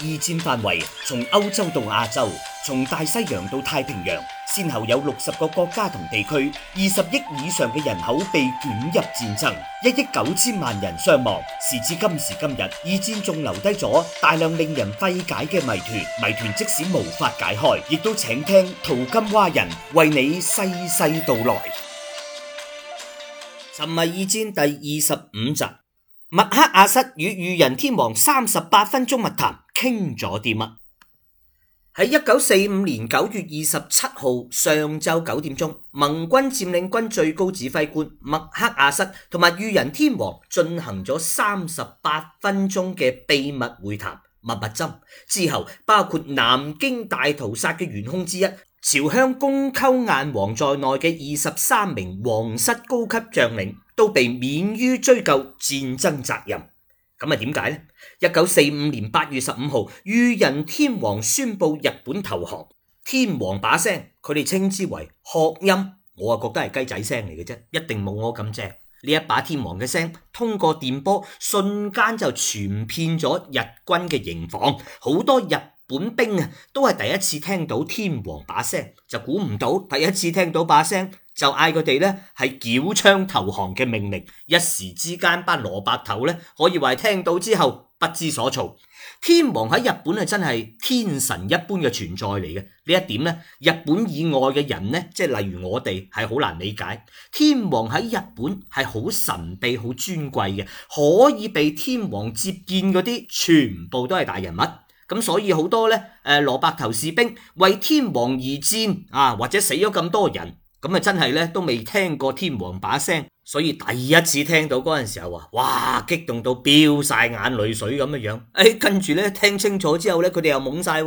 二戰範圍從歐洲到亞洲，從大西洋到太平洋，先後有六十個國家同地區，二十億以上嘅人口被捲入戰爭，一億九千萬人傷亡。時至今時今日，二戰仲留低咗大量令人費解嘅謎團，謎團即使無法解開，亦都請聽淘金蛙人為你細細道來。尋迷二戰第二十五集：麥克阿瑟與裕仁天皇三十八分鐘密談。傾咗啲乜？喺一九四五年九月二十七號上晝九點鐘，盟軍佔領軍最高指揮官麥克阿瑟同埋裕仁天皇進行咗三十八分鐘嘅秘密會談，密密針之後，包括南京大屠殺嘅元兇之一朝香宮鳩彥王在內嘅二十三名皇室高級將領都被免於追究戰爭責任。咁咪點解咧？一九四五年八月十五號，裕仁天皇宣布日本投降。天皇把聲，佢哋稱之為鶴音，我啊覺得係雞仔聲嚟嘅啫，一定冇我咁正。呢一把天皇嘅聲，通過電波，瞬間就傳遍咗日軍嘅營房，好多日本兵啊，都係第一次聽到天皇把聲，就估唔到第一次聽到把聲。就嗌佢哋咧係繳槍投降嘅命令，一時之間班蘿蔔頭咧可以話聽到之後不知所措。天皇喺日本係真係天神一般嘅存在嚟嘅，呢一點咧，日本以外嘅人咧，即係例如我哋係好難理解，天皇喺日本係好神秘、好尊貴嘅，可以被天皇接見嗰啲全部都係大人物。咁所以好多咧誒，蘿蔔頭士兵為天皇而戰啊，或者死咗咁多人。咁啊，真係咧都未聽過天皇把聲，所以第一次聽到嗰陣時候啊，哇，激動到飆晒眼淚水咁嘅樣。哎、欸，跟住咧聽清楚之後咧，佢哋又懵晒，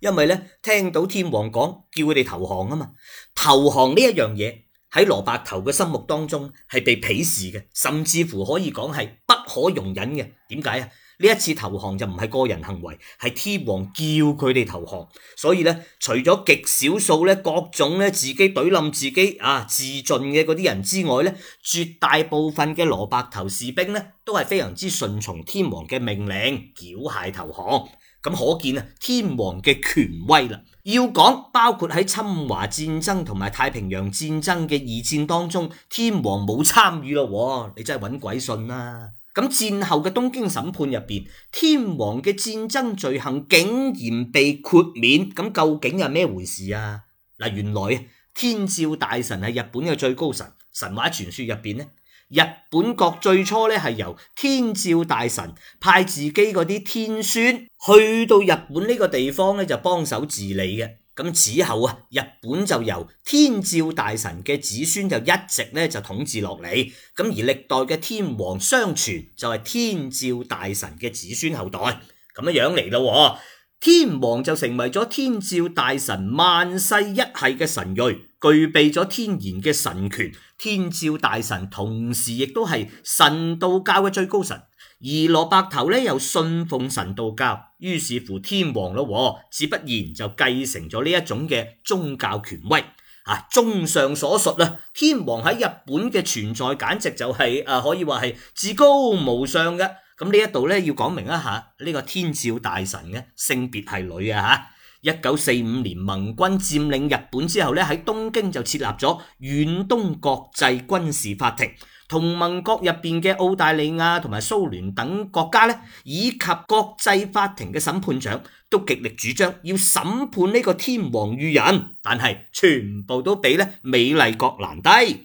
因為咧聽到天皇講叫佢哋投降啊嘛，投降呢一樣嘢喺羅伯頭嘅心目當中係被鄙視嘅，甚至乎可以講係不可容忍嘅。點解啊？呢一次投降就唔係個人行為，係天皇叫佢哋投降。所以咧，除咗極少數咧各種咧自己懟冧自己啊自盡嘅嗰啲人之外咧，絕大部分嘅蘿蔔頭士兵咧都係非常之順從天皇嘅命令繳械投降。咁可見啊，天皇嘅權威啦。要講包括喺侵華戰爭同埋太平洋戰爭嘅二戰當中，天皇冇參與咯，你真係搵鬼信啦！咁戰後嘅東京審判入邊，天皇嘅戰爭罪行竟然被豁免，咁究竟係咩回事啊？嗱，原來天照大神係日本嘅最高神，神話傳說入邊咧，日本國最初咧係由天照大神派自己嗰啲天孫去到日本呢個地方咧，就幫手治理嘅。咁此後啊，日本就由天照大神嘅子孫就一直咧就統治落嚟。咁而歷代嘅天皇相傳就係天照大神嘅子孫後代咁樣樣嚟咯。天皇就成為咗天照大神萬世一系嘅神裔，具備咗天然嘅神權。天照大神同時亦都係神道教嘅最高神。而蘿蔔頭咧又信奉神道教，於是乎天皇咯，自不然就繼承咗呢一種嘅宗教權威。啊，綜上所述啦，天皇喺日本嘅存在簡直就係、是、誒、啊，可以話係至高無上嘅。咁、啊、呢一度咧要講明一下，呢、這個天照大神嘅、啊、性別係女啊吓。一九四五年盟軍佔領日本之後咧，喺東京就設立咗遠東國際軍事法庭。同盟國入邊嘅澳大利亞同埋蘇聯等國家呢以及國際法庭嘅審判長都極力主張要審判呢個天皇裕仁。但係全部都俾呢美利國攔低。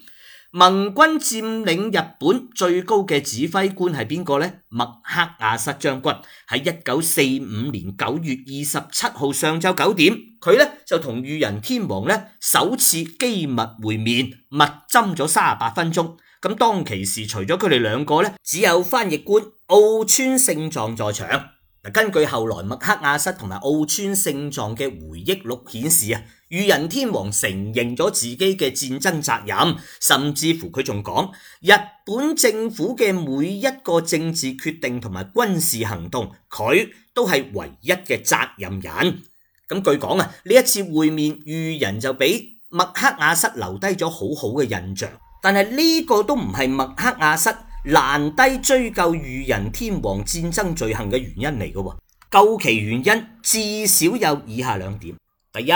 盟軍佔領日本最高嘅指揮官係邊個呢？麥克阿瑟將軍喺一九四五年九月二十七號上晝九點，佢呢就同裕仁天皇呢首次機密會面，密斟咗三十八分鐘。咁當其時，除咗佢哋兩個呢，只有翻譯官奧川聖藏在場。根據後來麥克阿瑟同埋奧川聖藏嘅回憶錄顯示啊，裕仁天皇承認咗自己嘅戰爭責任，甚至乎佢仲講日本政府嘅每一個政治決定同埋軍事行動，佢都係唯一嘅責任人。咁據講啊，呢一次會面，裕仁就俾麥克阿瑟留低咗好好嘅印象。但係呢個都唔係麥克阿瑟難低追究裕仁天皇戰爭罪行嘅原因嚟嘅。啊，究其原因至少有以下兩點：第一，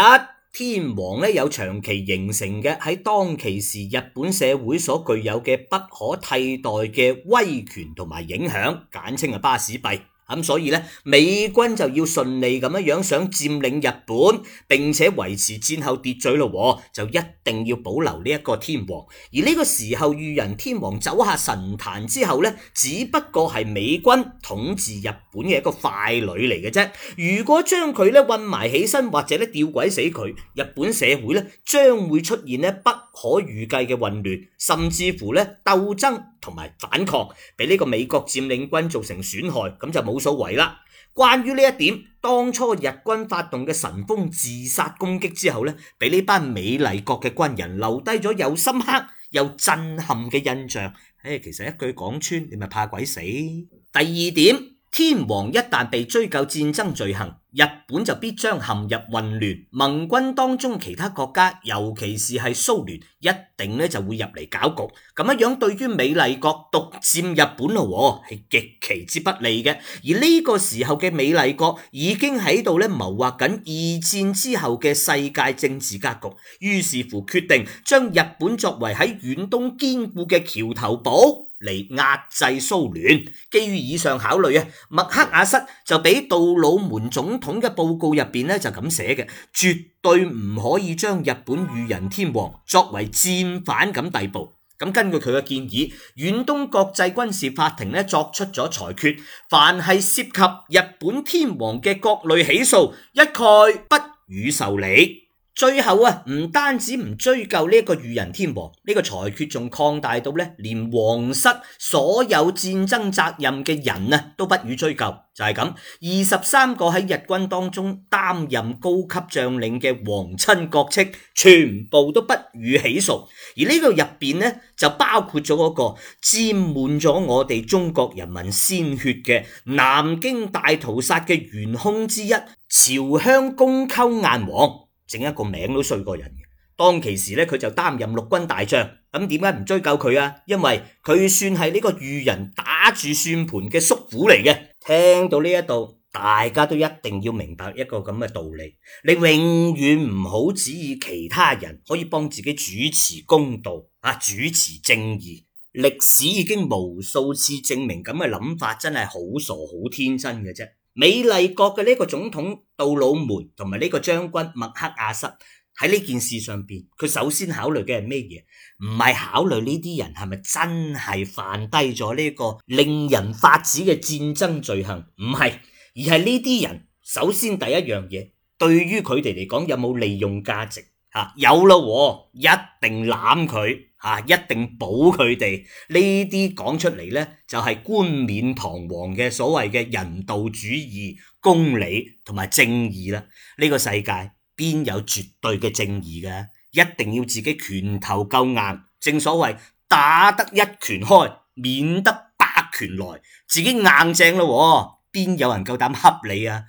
天皇咧有長期形成嘅、喺當其時日本社會所具有嘅不可替代嘅威權同埋影響，簡稱係巴士幣。咁所以咧，美軍就要順利咁樣樣想佔領日本，並且維持戰後秩序咯，就一定要保留呢一個天皇。而呢個時候，裕仁天皇走下神壇之後咧，只不過係美軍統治日本嘅一個傀儡嚟嘅啫。如果將佢咧困埋起身，或者咧吊鬼死佢，日本社會咧將會出現咧不可預計嘅混亂，甚至乎咧鬥爭同埋反抗，俾呢個美國佔領軍造成損害，咁就冇所謂啦。關於呢一點，當初日軍發動嘅神風自殺攻擊之後咧，俾呢班美麗國嘅軍人留低咗又深刻又震撼嘅印象。唉、哎，其實一句講穿，你咪怕鬼死。第二點。天皇一旦被追究戰爭罪行，日本就必將陷入混亂。盟軍當中其他國家，尤其是係蘇聯，一定咧就會入嚟搞局。咁樣樣對於美麗國獨佔日本咯，係極其之不利嘅。而呢個時候嘅美麗國已經喺度咧謀劃緊二戰之後嘅世界政治格局。於是乎，決定將日本作爲喺遠東堅固嘅橋頭堡。嚟壓制蘇聯。基於以上考慮啊，麥克阿瑟就俾杜魯門總統嘅報告入邊呢就咁寫嘅，絕對唔可以將日本裕仁天皇作為戰犯咁逮捕。咁根據佢嘅建議，遠東國際軍事法庭呢作出咗裁決，凡係涉及日本天皇嘅各類起訴，一概不予受理。最後啊，唔單止唔追究呢一個裕仁天皇呢、這個裁決，仲擴大到呢，連皇室所有戰爭責任嘅人呢、啊，都不予追究，就係、是、咁。二十三個喺日軍當中擔任高級將領嘅皇親國戚，全部都不予起訴。而呢個入面呢，就包括咗嗰個沾滿咗我哋中國人民鮮血嘅南京大屠殺嘅元凶之一，朝香宮鳩彥王。整一個名都衰過人嘅，當其時咧，佢就擔任陸軍大將。咁點解唔追究佢啊？因為佢算係呢個裕仁打住算盤嘅叔父嚟嘅。聽到呢一度，大家都一定要明白一個咁嘅道理：你永遠唔好指意其他人可以幫自己主持公道啊，主持正義。歷史已經無數次證明，咁嘅諗法真係好傻、好天真嘅啫。美麗國嘅呢個總統杜魯門同埋呢個將軍麥克阿瑟喺呢件事上邊，佢首先考慮嘅係咩嘢？唔係考慮呢啲人係咪真係犯低咗呢個令人髮指嘅戰爭罪行？唔係，而係呢啲人首先第一樣嘢，對於佢哋嚟講有冇利用價值？吓、啊，有咯，一定攬佢。吓、啊！一定保佢哋，呢啲講出嚟咧，就係、是、冠冕堂皇嘅所謂嘅人道主義、公理同埋正義啦。呢、這個世界邊有絕對嘅正義嘅？一定要自己拳頭夠硬。正所謂打得一拳開，免得百拳來。自己硬正咯、啊，邊有人夠膽恰你啊？